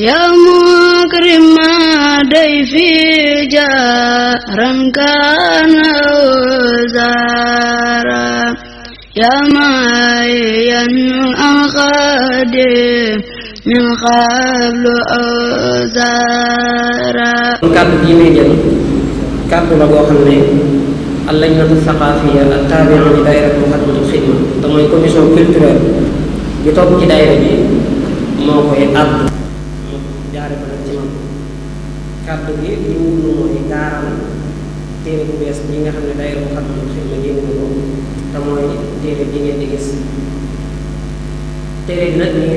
Ya mukrim ada fi jaran kana zara Ya mayan akhadi min khablu zara Kat dine jadi kat bu bago xamne Allah ñu tax saqafi ya tabi'u li daira ko xat bu xidma tamay commission culturelle yu top ci daira bi moko ye add màggal gi li mu wóolu mooy gaaral téere bu bees bi nga xam ne day doon xam ne xëy na génn ko te mooy téere bi ngeen di gis téere bi nag ñu ngi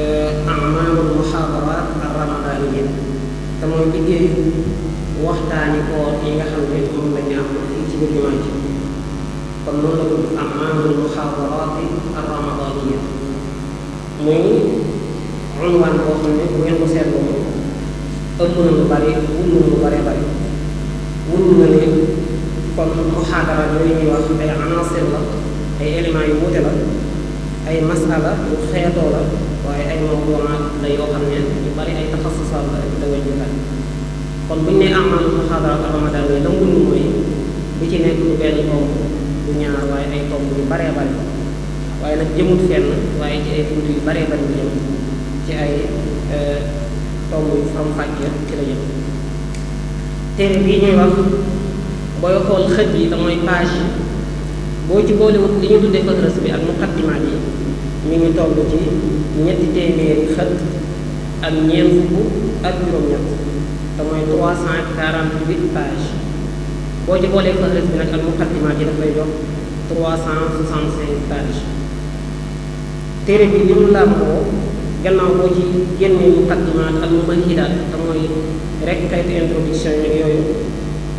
euh, nga xam ne moom la ñu am fii ci biir jumaa ji kon noonu la ko tudd amalul muxaadaraat ar ramadaaniyya muy unwaan boo xam ne bu ngeen ko seetloo ëmb na lu bari wund na lu bari bari wund na ne kon muhaadara yooyu ñuy wax ay anaasir la ay éléments yu wuute la ay masala yu xeetoo la waaye ay mawduuaat la yoo xam ne yu bari ay taxasusaat la bu ci nekk lu benn tomb du ñaar waaye ay tomb yu baree bari waaye nag jëmut fenn waaye ci ay bunt yu baree bari bu jëm ci ay euh, tomb yu fam fàcce ci la jëm bii ñuy wax booy xool xët yi te mooy page yi boo ci boolewut li ñu tuddee fëtras bi ak muqaddimaat yi ñu ngi toll ci ñetti téeméeri xët ak ñeent fukk ak juróom-ñett te mooy trois cent quarante-huit page boo ci boolee fëtras bi nag ak muqaddimaat yi dafay jox trois cent soixante-cinq page téere bi li mu làmboo gannaaw boo ci génnee muqaddimaat ak mumahidaat te mooy rek xeeti introduction yi yooyu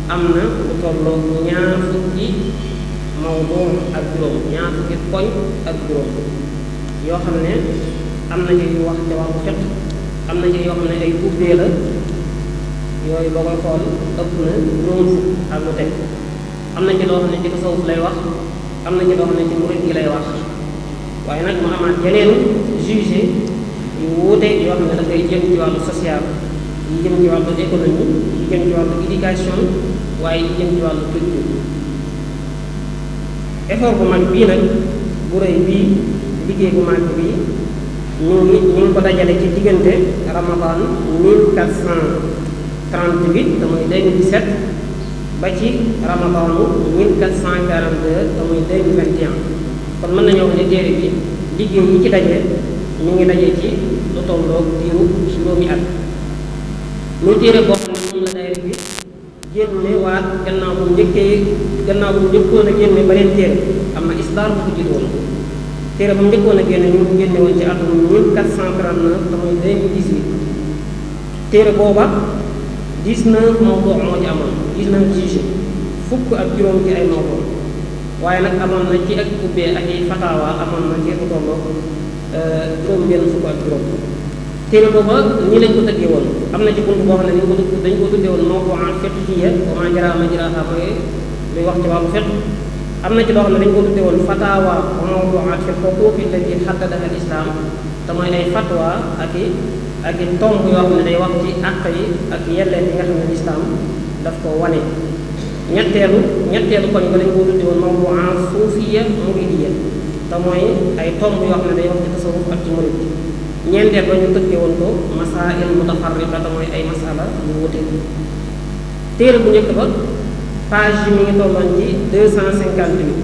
am na lu tolloog ñaar fukki mawduu ak juróom ñaar fukki poñ ak juróom yoo xam ne am na ci wax ca wàllu fiq am na ci yoo xam ne ay ubbee la yooyu am na ci loo xam ne ci tasawuf lay wax am na ci loo xam ne ci murid gi lay wax waaye nag mu amaat yeneen jugé yu wuute yoo xam ne dafay jëm ci wàllu social yi jëm wàllu économie yi jëm wàllu éducation waaye yi jëm ci wàllu culture effort bu mag bii nag bu rëy bii liggéey bu mag bii ñu ngi ñu ngi ko dajale ci diggante ramadan 1438 te muy 2017 ba ci ramadanu 1442 te muy 2021 kon mën nañoo wax ne téere bi liggéey yi ci daje ñu ngi daje ci lu tolloog diiru juróomi at muy téere boo xam ne moom la daayira bi génne waat gannaaw njëkkee gannaaw bu njëkkoon a génne beneen téere am na isbaar bu ko jiit woon téere bu njëkkoon a génne ñu ngi génne woon ci atum juróom ci waaye nag amoon na ci ak ubbee ak i fataawa amoon na ci lu tolloog euh, juróom benn fukk ak juróom téere booba ñi lañ ko tëggee woon am na ci bunt dañ ko dañ ko tuddee woon moo ko wax ci wàllu fiq am na ci loo xam ne dañ ko tuddee woon fatawa moo ko en fiq kooku fi la ci xaddada al islam te mooy lay fatwa ak i ak i tomb yoo xam ne day wax ci àq yi ak yelleen yi nga xam ne daf ko wane ñetteelu ñetteelu koñ ko dañ ko tuddee woon moo ko en suufiya muridiya te mooy ay tomb yoo xam ne day wax ci tasawuf ak ci murid ñeenteel ba ñu tëkkee woon ko masail mutafarriqa te mooy ay masala bu wute téere bu njëkk ba page yi mu ngi tolloon ci deux cent cinquante huit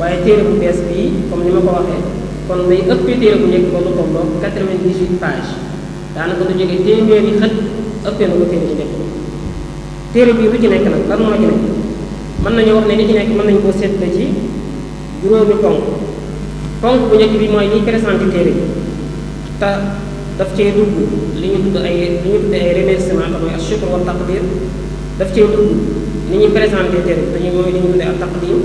waaye téere bu bees bii comme ni ma ko waxee kon day ëppee bu njëkk ba lu tolloo quatre vingt dix huit page daanaka du jógee téeméeri xët ëppee na ko téere bu lu ci nekk nag lan moo ci nekk mën nañoo wax ne li ci nekk mën nañu koo seetle ci juróomi ponk ponk bu njëkk bi mooy liy présenté téere bi ta daf cee dugg li ñu tudd ay li ñu tudd ay remerciement te mooy ashukr wa taqdir daf cee dugg ni ñuy présenté teru dañuy mooy li ñu tudd ak taqdim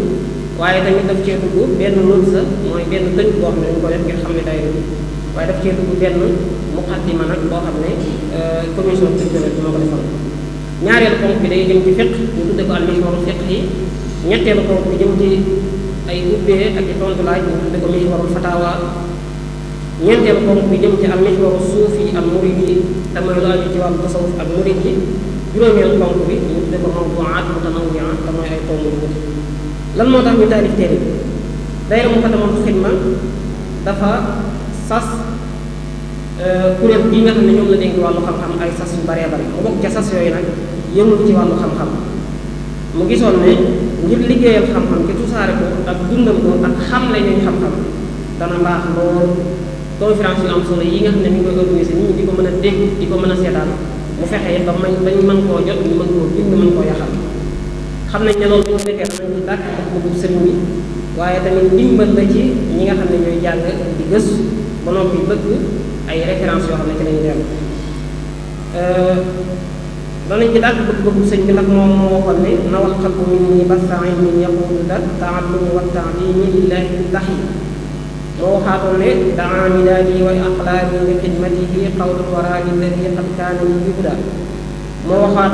waaye tamit daf cee dugg benn mën sa mooy benn tënk boo xam ne dañu ko def ngir xam ne day waaye daf cee dugg benn muqaddima boo xam ne euh, commission culturelle bi moo ko defal ñaareelu ponk bi day jëm ci fiq ñu tudde ko al-mihwaru fiqhi ñetteelu ponk bi jëm ci ay ubbee ak i tontu laaj ñu tudde ko mihwarul fatawa ñeenteel ponk bi jëm ci am mixwaru suuf yi ak murid yi te mooy lu aju ci wàllu tasawuf ak murid yi juróomeel ponk bi ñu tuddee ko mawduaat mutanawia te mooy ay ponk yu wuute lan moo tax ñu taalif dafa sas euh, kuréel la dénk wàllu xam-xam ay sas yu baree bari mu bokk ca sas yooyu nag yëngul ci wàllu xam-xam mu gisoon ne ngir liggéeyal xam-xam ci tusaare dana baax lool conférence yu am solo yi nga xam ne ñu koy organiser nit ñi di ko mën a dégg di ko mën a seetaan mu eh, fexe ba may bañ mën koo jot ñu mën koo bind mën koo yaxal xam nañ ne loolu bu ñu fekkee xam nañ dàkk ak bëggu sëriñ bi waaye tamit dimbal la ci ñi nga xam ne ñooy jàng di gëstu ba noppi bëgg ay référence yoo xam ne ci lañu dem loolu ci dàkk bëgg bëggu sëñ bi nag moom moo waxoon ne nawal xalbu min ni basaay min yaqulu da taatu wa taami lillahi tahi موحد دعا منادي وأقلامي لخدمته قول الوراء الذي قد كان يبدأ موحد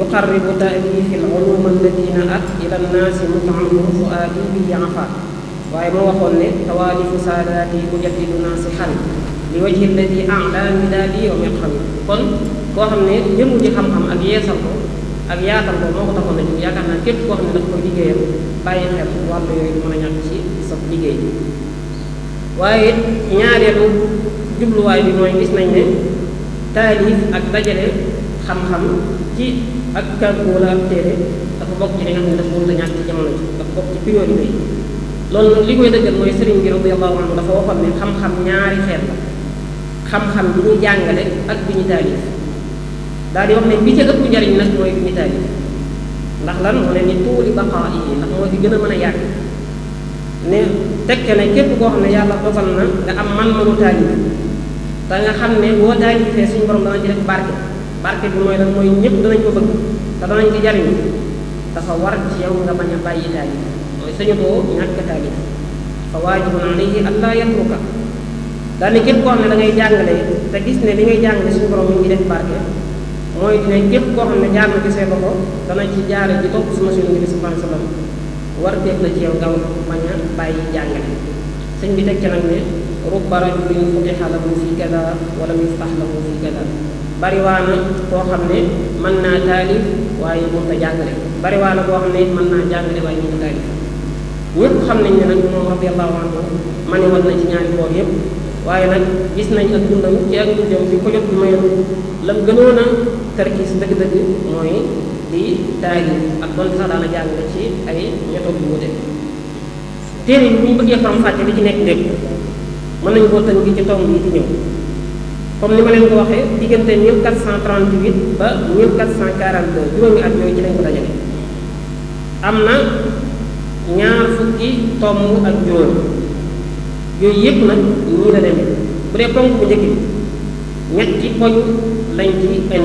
يقرب تأليف العلوم الذين أت إلى الناس مطعمه فؤادي به عفا waaye moo waxoon ne tawaalifu saadaati mujaddidu naasixan li wajhi alladi ala midaadi wa miqrami kon koo xam ne jëmu ji xam-xam ak yeesal ko ak yaatal ko moo ko taxoon na jóg yaakaar naa képp koo xam ne dafa koy liggéeyam bàyyi xel wàllu yooyu mën a ñàkk ci sa waaye ñaareelu jubluwaay bi mooy gis nañ ne taalif ak dajale xam-xam ci ak kàggu wala ak téere dafa bokk ci li nga xam ne dafa ñàkk ci jamono ji dafa bokk ci priorité yi loolu nag li koy dëggal mooy sëriñ bi radiyallahu anhu dafa waxoon ne xam-xam ñaari xeet xam-xam bi ñu jàngale ak bi ñu taalif daal di wax nañ bi ca ëpp njariñ nag mooy bi ñu taalif ndax lan mu ne ni tuuli baqaa yi ndax moo ci gën a mën a yàgg ne tekke ne képp koo xam ne yàlla dogal na nga am man manu taalibe te nga xam ne boo taalifee suñu borom dana ci def barke bi mooy lan mooy ñëpp danañ ko bëgg te danañ ci jariñu dafa war ci yow nga bañ a bàyyi taalif mooy sañu doo ñàkk taalif fa waajibun alayhi allaa yatruka daal ne képp koo xam ne da ngay jàngale te gis ne li ngay jàngale suñu borom mi ngi def barke mooy dina képp koo xam ne jàng gisee ba ko dana ci jaare ji topp suma ma suñu ngi sallallahu alayhi wa sallam war def na ci yow nga bañ a bàyyi jàngale sëñ bi teg ca nag ne rubba rajulin futiha lahu fi kaza wala yuftah lahu fi kaza bariwaana koo xam ne mën naa taalif waaye mënta jàngale bariwaana koo xam ne mën naa jàngale waaye mënta taalif ñëpp xam nañ ne nag moom radiyallahu anhu mane na ci ñaari boor waaye nag gis nañ ak dundam ci ak dundam fi ko bi mayoon lam gënoon a tarkiis dëgg-dëgg mooy di daay ak doon sax daana jàng ci ay méthode yu wute téere yi ñu bëggee faram fàcce li ci nekk lépp mën nañu koo tënk ci tomb yi di ñëw comme ni ma leen ko waxee diggante 1438 ba 1442 juróomi at yooyu ci lañ ko dajale am na ñaar fukki tomb ak juróom yooyu yëpp nag ñii la demee bu dee ponk bu njëkk bi ñetti poñ lañ ci indi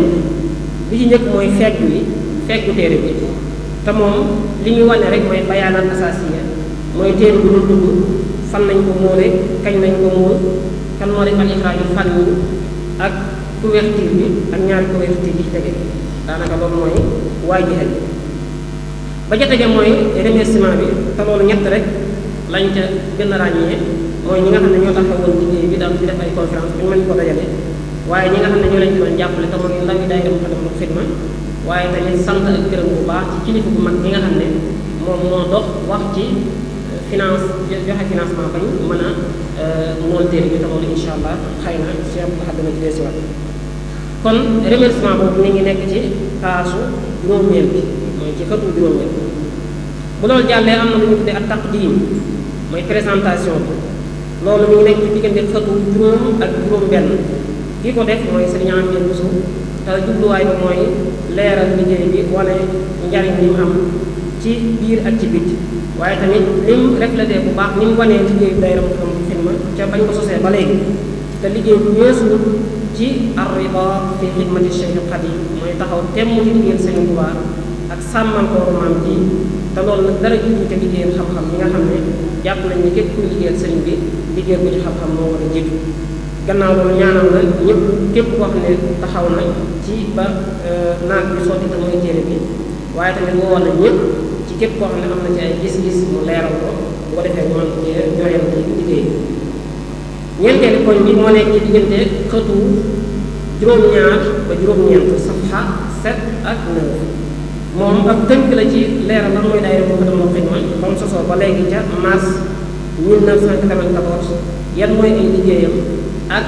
bi ci njëkk mooy fegg wi fekk téere bi te moom li ñu wane rek mooy bayaanal asaasiya mooy téere bu dul dugg fan nañ ko moore kañ nañ ko mool kan moo rek al ixraaju fan yi ak couverture bi ak ñaari couverture yi tege daanaka loolu mooy waajihal bi ba ca tege bi te loolu ñett rek lañ a ràññee mooy ñi nga xam ne ñoo taxawoon liggéey bi daan ci def ay bu ñu mën ko dajale waaye ñi nga xam ne ñoo leen ci doon jàppale te mooy ndaw yi daay dem xatam xidma waaye dañuy sant ak gërëm bu baax ci kilifa bu mag bi nga xam ne moom moo dox wax ci euh, finance joxe financement bañ mën a euh, monter bi te loolu incha allah xëy na Cheikh Abdou Khadre dina ci dee si waat kon remerciement boobu ni ngi nekk ci paasu juróomeel bi mooy ci bu loolu jàllee am na lu ñu tuddee ak taqdim mooy présentation bi loolu mu ngi nekk ci diggante xëtu juróom ak juróom benn kii ko def mooy Serigne Amady Moussou te jubluwaay bi mooy leeral liggéey bi wane njariñ li mu am ci biir ak ci biti waaye tamit lim reflété bu baax ni mu wanee liggéeyu daayira Moukhaddamatoul Khidma ca bañ ko sosee ba léegi te liggéey bu weesuwul ci arriba fi xidmati Cheikh Xadim mooy taxaw temm ci liggéeyal Sëñ Tuubaa ak sàmmal ko maam ji te loolu nag dara jiitu te liggéeyal xam-xam nga xam ne jàpp nañ ni képp kuy liggéeyal bi liggéeyal ko ci xam-xam moo war a jiitu gannaaw loolu ñaanal na ñëpp képp koo ne taxaw na ci ba euh, naaj bi sotti te mooy téere bi waaye tamit woo na ñëpp ci képp wax xam ne am na ci ay gis-gis mu leeral ko bu ko defee ñu mën cee ñoreel ci liggéey ñeenteelu koñ moo nekk ci diggante xëtu juróom-ñaar ba juróom-ñeent safha set ak neuf moom ak tënk la ci leeral lan mooy daayira boobu dama xëy ma moom sosoo ba léegi ca mars 1994 yan mooy ay liggéeyam. ak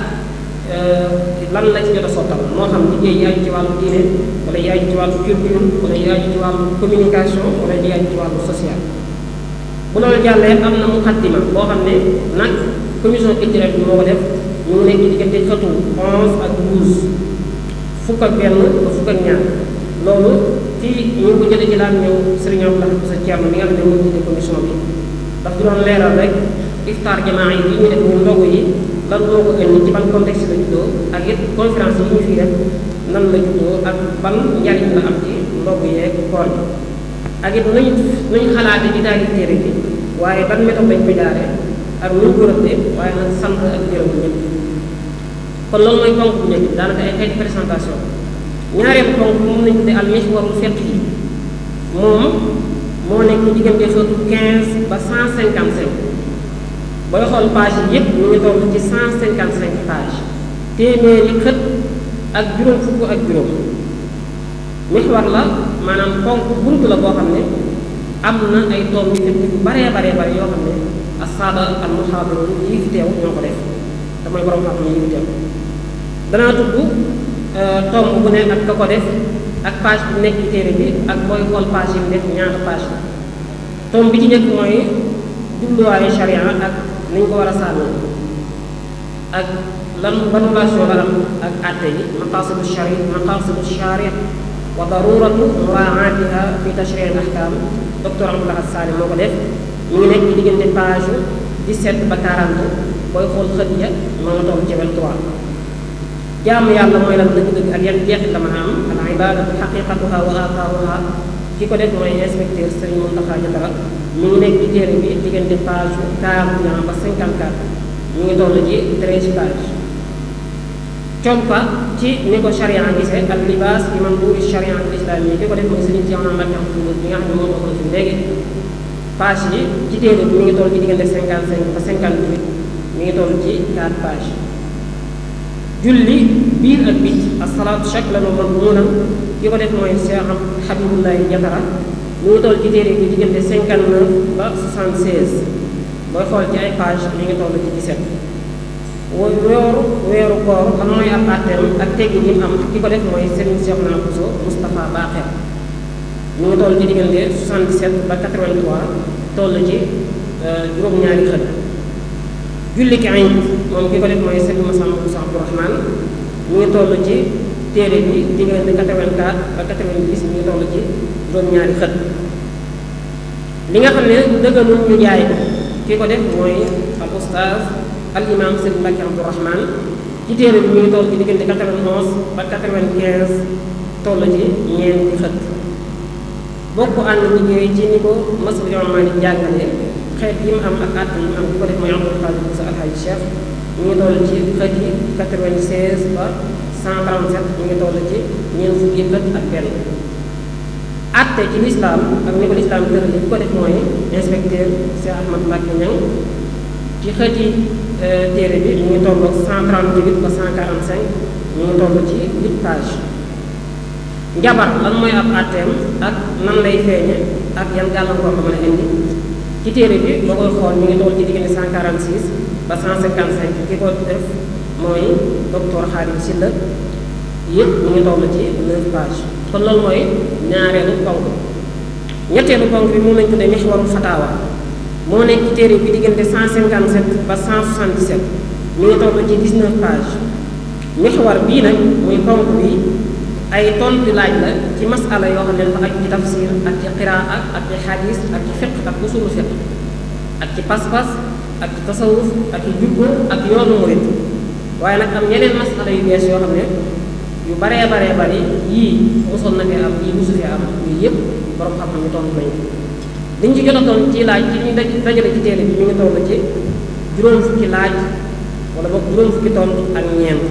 euh, lan la ci jot a sottal moo xam liggéey yaaju ci wàllu diine wala yaaju ci wàllu culture wala yaaju ci wàllu communication wala yaaju ci wàllu social bu loolu jàllee am na muqaddima boo xam ne nag commission culturelle bi moo ko def ñu nekk diggante xëtu onze ak douze fukk ak benn ba fukk nga xam ne moo jiite commission bi daf doon leeral rek iftaar jamaa yi ñu def ñu ndogu yi lan moo ko indi ci ban contexte la juddoo ak yëpp conférence yi ñu fi def nan la juddoo ak ban njariñ la am ci ndog yeeg koor yi ak it nañu nañu xalaate ci daal di téere bi waaye ban méthode lañ ko jaaree ak nu ñu ko rëbbee waaye nag sant ak gërëm ñëpp kon loolu mooy ponk bu njëkk daanaka ay présentation ñaareelu ponk bu nañu tuddee al mihwaru fiqh moom moo nekk diggante sotu 15 ba 155. booy xool page yi yëpp ñu ngi toll ci 155 page téeméeri xët ak juróom fukk ak juróom mixwar la maanaam ponk bunt la boo xam ne am na ay tomb yu nekk yu baree baree bare yoo xam ne asxaaba al muxaadaroon yi fi teew ñoo ko def damay danaa tudd euh, tomb bu ne ak ka ko def ak page bu nekk téere bi ak booy xool page yi mu def ñaata page tomb bi ci njëkk mooy jubluwaayu charia ak ni ñu ko war a sàmmee ak lan ban relation la am ak àtte yi maqaasidu shari maqaasidu shari wa daruratu muraatiha fi tashri al ahkam docteur Abdou Lahad Sall moo ko def mi ngi nekk ci diggante page 17 ba 40 booy xool xët ya moo nga toll ci 23 jaamu yàlla mooy lan dëgg-dëgg ak yan jeex la ma am al ibadatu xaqiqatuha wa athaaruha ki ko def mooy inspecteur Serigne Mountakha Diatara mi ngi nekk ci téere bi diggante page 41 ba 54 mi ngi toll ci 13 page compa ci ni ko charia gisee ak libaas bi man buuri charia al islami ki ko def mooy Serigne Cheikh Mouhamed Mahfouz bi nga xam ne moom waxoon fi léegi page yi ci téere bi mi ngi toll ci diggante 55 ba 58 mi ngi toll ci 4 page julli biir ak bit asalaatu shaklan wa madmunan ki ko def mooy Cheikh Habibullahi Jatara ñu ngi toll ci téere bi diggante 59 ba 76 booy xool ci ay page ñu ngi toll ci 17. weeru weeru koor am mooy ab àtteem ak teggi yi am ki ko def mooy Serigne Cheikh Naa Bousso Moustapha Baaxel ñu ngi toll ci diggante 77 ba 83 toll ci euh, juróom-ñaari xët julli ki añ moom ki ko def mooy Serigne Massamba Bousso Abdourahmane ñu ngi toll ci. téere bi diggante 84 ba 90 ñu toll ci juróom-ñaari xët li nga xam ne dëgganul ñu jaay ko ki ko def mooy al oustaz al imam sëñ Mbacke Abdourahman ci téere bi ñu ngi toll ci diggante 91 ba 95 toll ci ñeenti xët bokk ànd liggéey ci ni ko masbi ma ni jàngale xeet yi mu am ak at yi mu am ki ko def mooy Abdoul Khadim Moussa Alhaji Cheikh ñu toll ci xët yi 96 ba cent 137 ñu ngi toll ci ñeent fukki bët ak benn atte ci lislaam ak ni ko lislaam tëral li ko def mooy inspecteur Cheikh Ahmad Mbacke Niang ci xëti euh, téere bi ñu ngi toll 138 ba 145 ñu ngi toll ci 8 page njabar lan mooy ab atteem ak nan lay feeñe ak yan gàllankoor ko mën a indi ci téere bi boo koy xool ñu ngi toll ci diggante 146 ba 155 ki ko def mooy docteur Xaadim Silla yëpp mu ngi toll ci neuf page kon loolu mooy ñaareelu ponk ñetteelu ponk bi moom lañ tuddee mihwaru fatawa moo nekk ci téere bi diggante 157 ba 177 mu ngi toll ci 19 page mihwar bii nag muy ponk bi ay tontu laaj la ci masala yoo xam ne dafa aju ci tafsir ak ci qiraa ak ci xadis ak ci fiq ak usulu fiq ak ci pas-pas ak ci tasawuf ak ci jubba ak yoonu murit waaye nag am ñeneen masala yu bees yoo xam ne yu baree baree bari yii mosoon na fee am yii mosu fee am yooyu yëpp borom xam nañu tontu nañu liñ ci laaj ci ñu dajale ci téere bi ñu ngi toll ci juróom fukki laaj wala boog juróom fukki tontu ak ñeent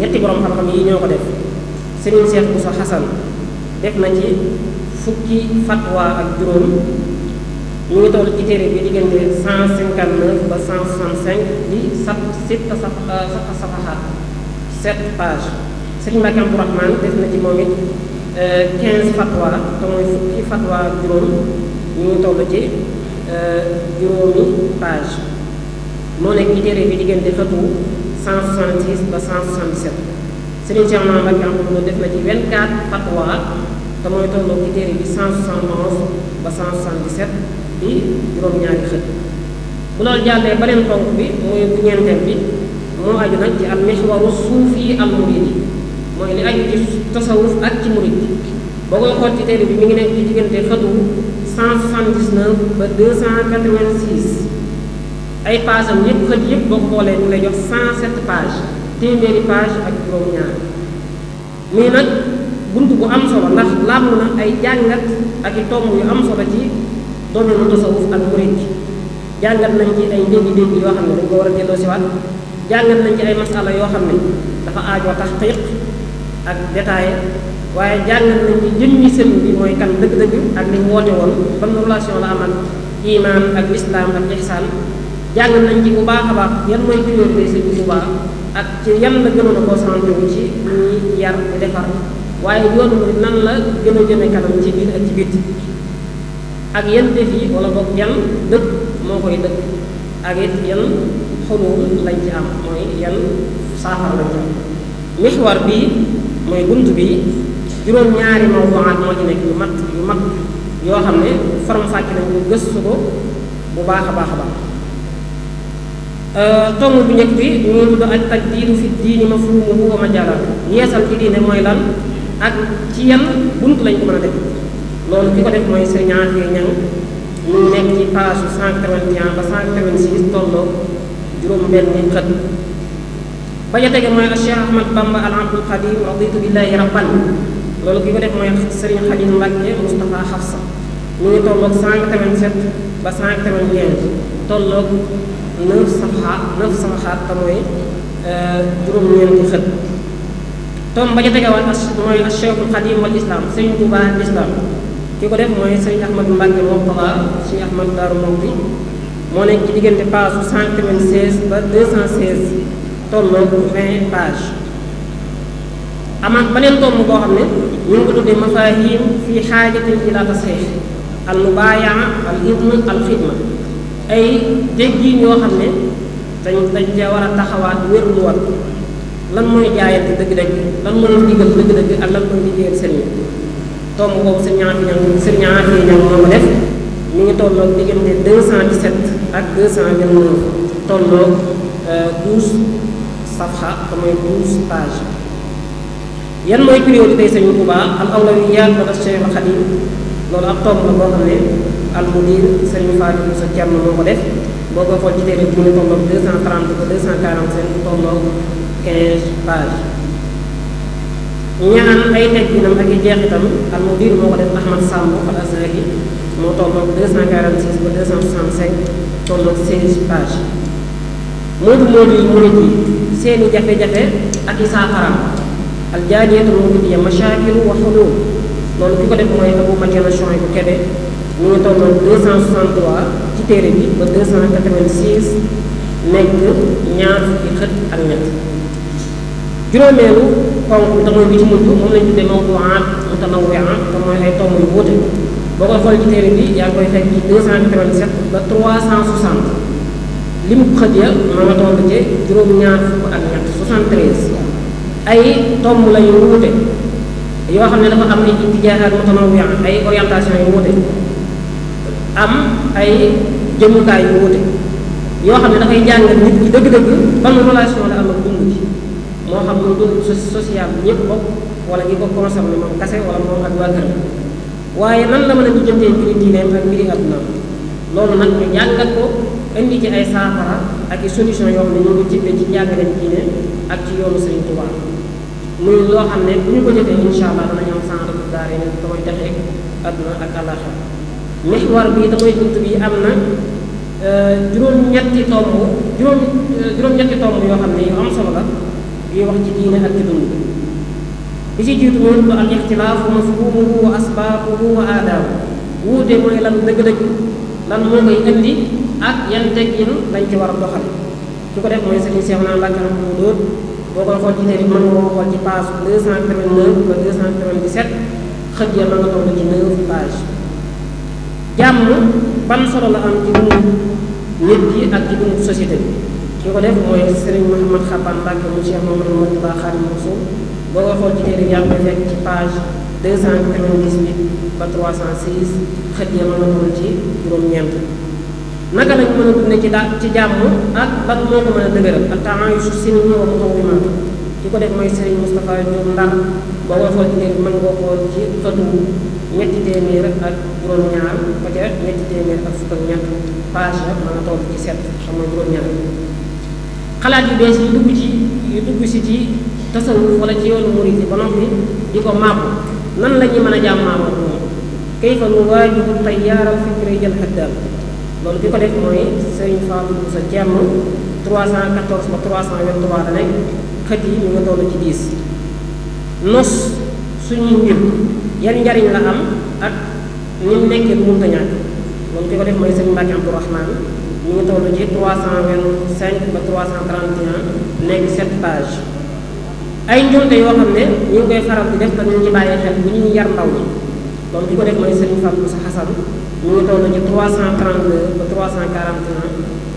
ñetti borom xam-xam yi ñoo ko def sëriñ Cheikh Bousso Hassan def na ci fukki fatwa ak juróom ñu ngi toll ci téere bi diggante cent cinquante neuf ba cent soixante cinq di sat sitt saf euh, safaxaat sept page sëriñ Mbàkke Abdu Rahmaan def na ci moom it euh, quinze fatwa te mooy fukki fatwa juróom ñu ngi toll ci euh, juróomi page moo nekk ci téere bi diggante xëtu cent soixante six ba cent soixante sept sëriñ Cheikh Maam Mbàkke Abdu def na ci vingt quatre fatwa te mooy toll ci téere bi cent soixante onze ba cent soixante dix di juróom-ñaari xët bu loolu jàllee beneen ponk bi muy bu ñeenteel bi moo aju nag ci al mexwaru suufi al murid yi mooy li aju ci tasawuf ak ci murid boo koy xool ci bi mi ngi nekk ci diggante xëtu 179 ba 286 ay page am yëpp xët yëpp boo xoolee mu lay jox 107 page téeméeri page ak juróom-ñaar muy nag bunt bu am solo ndax làmm na ay jàngat ak i tomb yu am ci doomi mu tasawuf ak murid yi jàngat nañ ci ay dégg-dégg yoo xam ne dañ ko war a si waat jàngat nañ ci ay yoo xam ne dafa aajoo taxqiq ak détaillé waaye jàngat nañ ci mi sëriñ bi mooy kan dëgg-dëgg ak li mu woote woon ban relation la amal iman ak lislaam ak ihsaan jàng nañ ci bu baax a baax yan mooy priorité sëriñ bu baax ak ci yan la gënoon a concentré wu ci ñuy yar di defar waaye yoon nan la gën a jëme kanam ci biir ak ci biti ak yan défi wala boog yan dëkk moo koy dëkk ak it yan lañ ci am mooy yan saafara lañ ci am mixwar bi mooy bunt bi juróom-ñaari mawduwaat moo ci nekk yu mat yu mag yoo xam ne faram fàcc nañ ko gëstu ko bu baax a baax a baax euh, tomb bu njëkk bi ñu ngi tudd ak tajdiidu fi diini mafhumuhu wa majaalaat yeesal ci diine mooy lan ak ci yan bunt lañ ko mën a def loolu ki ko def mooy sëriñ Afia Ñang mu nekk ci page su 181 ba 186 tolloo juróom-benni xët ba ja tege mooy Cheikh Ahmad Bamba al Abdul Xadim raditu billahi rabban loolu ki ko def mooy sëriñ Xadim Mbàkke Moustapha Xafsa mu ngi tolloog 187 ba 195 tolloog 9 safa 9 safaxaat te mooy juróom-ñeenti xët tom ba ja tegewaat mooy Cheikhul Xadim wal Islam sëriñ Tuubaa Islam ki ko def mooy sëñ Ahmad Mbacke Mourtada sëñ Ahmad Darou Mouhty moo nekk ci diggante page 196 ba 216 tolloo 20 page amaat beneen tomb boo xam ne ñu ngi ko tuddee mafahim fii xaajatin ila tasxiix al mubaaya al idn al xidma ay déggiin yoo xam ne dañ dañ cee war a taxawaat wérlu wat lan mooy jaayante dëgg-dëgg lan mooy digal dëgg-dëgg ak lan mooy liggéeyal sëriñ tomb boobu sëñ Afia sëñ Afia ñoom ko def mi ngi tolloog diggante 217 ak 229 tolloog 12 euh, safha te mooy 12 page yan mooy priorité sëñ Touba al awlawiyaat ba def Cheikh Khadim loolu ab tomb la boo xam ne al mudir sëñ Fallou sa Thiam moo ko def boo ko xool ci téere bi mu ngi tolloog 230 ba 245 tolloog 15 page. ñaan ay tegginam ak i jeexitam al mudir moo ko def Ahmad Samb al Azraqi moo tolloog 246 ba 265 tolloog 16 page moodu moodu yi murid yi seeni jafe-jafe ak i saafaram al jaadiyatul muridiyya mashaakilu wa hulul loolu ki ko def mooy Abu Madiana Chouaïb bu Kébé mu ngi tolloog 263 ci téere bi ba 286 nekk ñaar fukki xët ak ñett juróomeelu ponk te mooy bi ci mujj moom lañ tuddee mawduaat mutanawwi'a te mooy ay tomb yu wuute xool ci téere bi yaa ngi koy fekk ci 297 ba 360 limu xëj ya juróom-ñaar fukk ak ñett 73 ay tomb la yu yoo xam ne dafa am ay ittijaahaat mutanawwi'a ay orientation yu wuute am ay jëmukaay yu wuute yoo xam ne dafay jàngal nit ki dëgg-dëgg ban relation am moo xam mu dund social bi ñëpp bokk wala ñi ko concerné moom kase wala moom ak waa kër waaye nan la mën a dijjantee mbiri diineem ak mbiri adduna loolu nag ñu jàngal ko indi ci ay saafara ak i solution yoo xam ne ñu ngi jibbe ci njàngaleem diine ak ci yoonu Sëriñ Tuubaa muy loo xam ne bu ñu ko jotee incha allah danañu am sens de daare ne damay taxee adduna ak àllaaxira mixwaar bi damay bunt bi am na euh, juróom-ñetti tomb juróom euh, juróom-ñetti tomb yoo xam ne yu am yuy wax ci diine ak ci dund bi ci jiitu mooy al ixtilaafu mafhumuhu wa asbaabuhu wa aadaabu wuute mooy lan dëgg-dëgg lan moo koy indi ak yan teggin lañ ci war a doxal su ko def mooy sëriñ Cheikh Maam Mbàkke Abdou ci téere mën nga xool ci ba 297 xët ya mën nga jàmm ban solo la am ci dund nit yi ak ci dund société bi ñu ko def mooy Serigne Mouhamad Xaban Mbacke mu Cheikh Mamadou Moustapha Xaadimu Rasuul boo koy xool ci téere yaa ngi koy fekk ci page 298 ba 306 xët ya mën a toll ci juróom ci daal ci jàmm ak ban a dëgëral ak si ni mu ko xaw a ki ko def mooy Serigne Moustapha Diop Ndar boo koy xool ci téere mën nga xool ci xëtu ñetti téeméer ak juróom-ñaar ba ca ñetti téeméer ak fukk ak ñett page la mën a ci set xam juróom-ñaar. xalaat yu bees yi dugg ci yu dugg si ci tasawuf wala ci yoonu murid ba noppi di ko maamu nan la ñuy mën a jàmmaamoo ak moom kay fa nu waajibu tayyaara fikri jël xaddaal loolu ki ko def mooy sëriñ Fallou Moussa Diem 314 ba 323 da nekk xët yi ñu nga toll ci 10 nos suñu mbir yan njariñ la am ak ni mu nekkee bu mun ta ñàkk loolu ki ko def mooy sëriñ Mbacke Abdourahmane ñu ngi toll ci 325 ba 331 nekk 7 page ay njonte yoo xam ne ñu ngi koy faral di def te ñu ngi bàyyi xel bu ñu yar ndaw ñi donc ki ko def mooy Serigne Fallou Sa Hassan ñu ngi toll ci 332 ba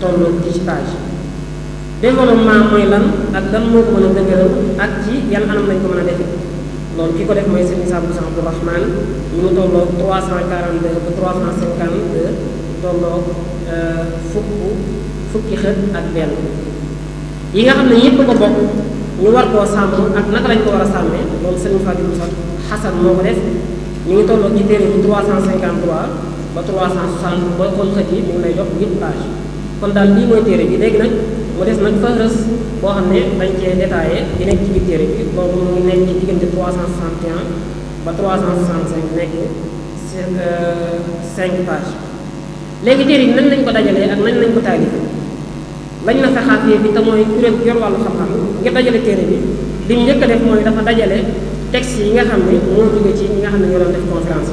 341 toll ci page développement mooy lan ak lan moo ko mën a dëgëral ak ci yan anam lañ ko mën a defee loolu ki ko def mooy Serigne Sallou Sa Abdou Rahman ñu ngi toll 342 ba 352 tolloog euh, fukk fukki xët ak benn yi nga xam ne yëpp ko bokk ñu war koo sàmm ak naka lañ ko war a sàmmee moom Serigne Fadilou Sow xasan moo ko def ñu ngi tolloog ci téere bi 353 ba 360 booy ba xët yi ñu ngi lay jox kon daal lii mooy téere léegi nag mu des nag fëhrës boo xam ne dañ cee détaillé di nekk ci biir téere bi boobu mu ngi nekk ci diggante 361 ba 365 nekk 5 euh, page léegi téere yi nan lañ ko dajalee ak nan lañ ko taalif lañ na saxaafee bi te mooy kuréel yor wàllu xam-xam ngir dajale téere bi li ñu njëkk a def mooy dafa dajale ci yi nga xam ne moo jóge ci ñi nga xam ne ñoo doon def conférence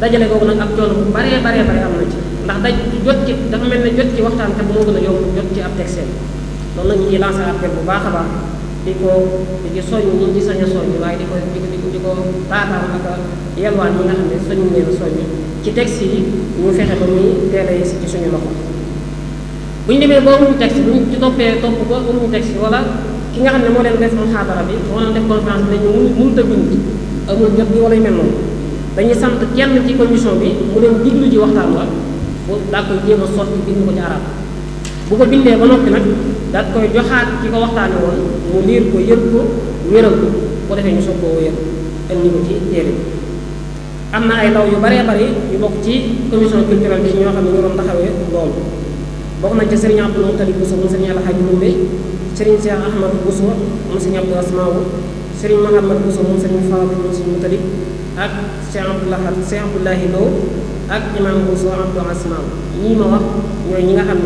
dajale googu nag ab coono bu baree baree bare am na ci ndax daj jot ci dafa mel ne jot ci waxtaan te moo gën a yomb jot ci ab texte loolu nag ñu ngi lancé appel bu baax a baax di ko di ci soññ ñi ci sañ a soññ waaye di ko di ko di ko taataan ak yelwaan yi nga xam ne soññ leen soññ ci texte yi ñu fexe ba muy teel a yegsi ci suñu loxo bu ñu demee ba amuñu texte bu ñu ci toppee topp ba amuñu texte wala ki nga xam ne moo leen def xaabara bi moo leen def conférence bi dañu mënut a bind amul jot bi wala yu mel noonu dañuy sant kenn ci commission bi mu dem diglu ji waxtaan wa daa koy jéem a sotti bind ko ci arab bu ko bindee ba noppi nag daal koy joxaat ci ko waxtaane woon mu liir ko yër ko wéral ko ko defee ñu soog koo wér indi ko ci téere am na ay ndaw yu baree bari yu bokk ci commission culturelle bi ñoo xam ne ñu doon taxawee loolu bokk nañ ci sëriñ Abdou Moutalib Bousso mu sëriñ Alhaji Mumbe sëriñ Cheikh Ahmad Bousso mu sëriñ Abdou Asmaou sëriñ Mahamad Bousso mu sëriñ Fadil mu sëriñ Moutalib ak Cheikh Abdoulahad Cheikh Abdoulahi Lo ak imam Bousso Abdou Asmaou ñii ma wax ñooy ñi nga xam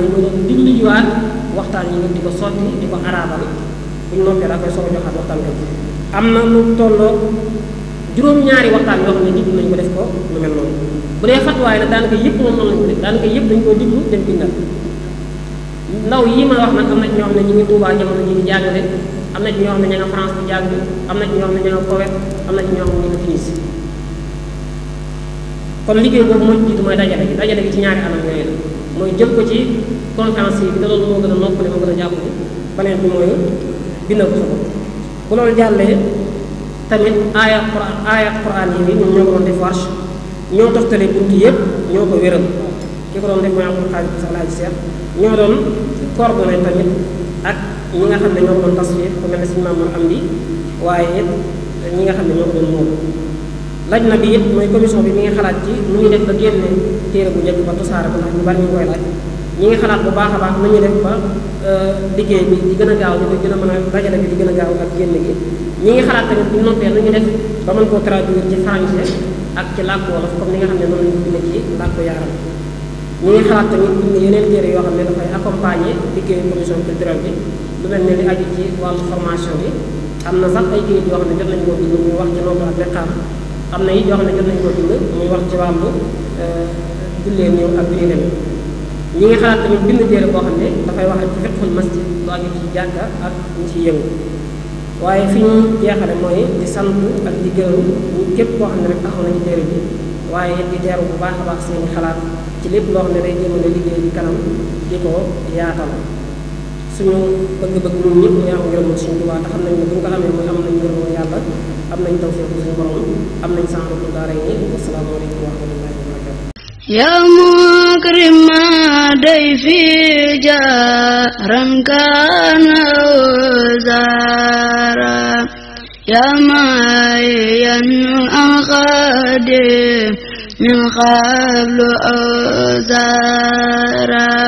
waxtaan yi nit di ko sotti di ko araabal bu ñu noppee daa koy soog a joxaat waxtaan ko am na lu tolloo juróom-ñaari waxtaan yoo xam ne digg nañ ko def ko lu mel noonu bu dee fatwaay nag daanaka yëpp moom noonu lañ ko def daanaka yëpp dañ koo diglu def bindal ndaw yi ma wax nag am na ci ñoo xam ne ñu ngi Tuubaa jamono ji di jàngale am na ci ñoo xam ne ña nga France di jàng am na ñu ñoo xam ne ña nga Koweït am na ci ñoo xam ne ña nga Tunis kon liggéey boobu moo jiitu mooy dajale mooy jël ko ci conférence yi bi da loolu moo gën a noppale moo gën a jàpp ni baneen bi mooy bindal ko sa bu loolu jàllee tamit aaya quraan aaya quraan yi ñoom ñoo ko doon def warsh ñoo toftale bunt yëpp ñoo ko wéral ki ko doon def mooy amul xaalis bi sax seet ñoo doon coordonné tamit ak ñi nga xam ne ñoo ko doon tasfiir ku mel ne suñu maam am bi waaye ñi nga xam ne ñoo ko doon moom laaj na bi it mooy commission bi mi ngi xalaat ci mu ñuy def ba génne téere bu njëkk ba tasaare ko ndax ñu bari ñu koy laaj ñi ngi xalaat bu baax a baax nu ñu def ba euh, liggéey bi di gën a gaaw di gën a mën a gën a gaaw ak génn gi ngi xalaat tamit bu ñu nu ñu def ba mën koo traduire ci français ak ci làkk wolof comme ni nga xam ne noonu lañu bind ci làkku yaaram ñi ngi xalaat tamit indi yeneen téere yoo xam ne dafay accompagner liggéeyu commission culturelle bi lu mel ne li aju ci wàllu formation bi am na sax ay kayit yoo ko wax ci loolu ak leqaam am na it yoo xam ne jot nañu koo bind muy wax ci wàllu euh, jullee néew ak jullee dem ñi ngi xalaat tamit bind téere boo xam ne dafay wax ci fiqhul masjid lu aju ci jàkka ak ñu ci yëngu waaye fi ñu jeexale mooy di sant ak di gërëm ñu képp koo xam ne rek taxaw na ci téere bi waaye di teeru bu baax a baax xalaat ci lépp loo xam ne day jëmale liggéey bi kanam di ko yaatal suñu bëgg-bëgg ñun ñëpp ñu am ngërëmu suñu Tuubaa te xam nañ ne bu ñu ko xamee mooy am nañ am nañ tawfiq suñu borom am nañ saanu bu daaray ni wasalaamu aleykum wa rahmatullahi wa barakatuh يا مكرم ضيفي جارا كان وزارا يا مايا أخادم من قبل أزارا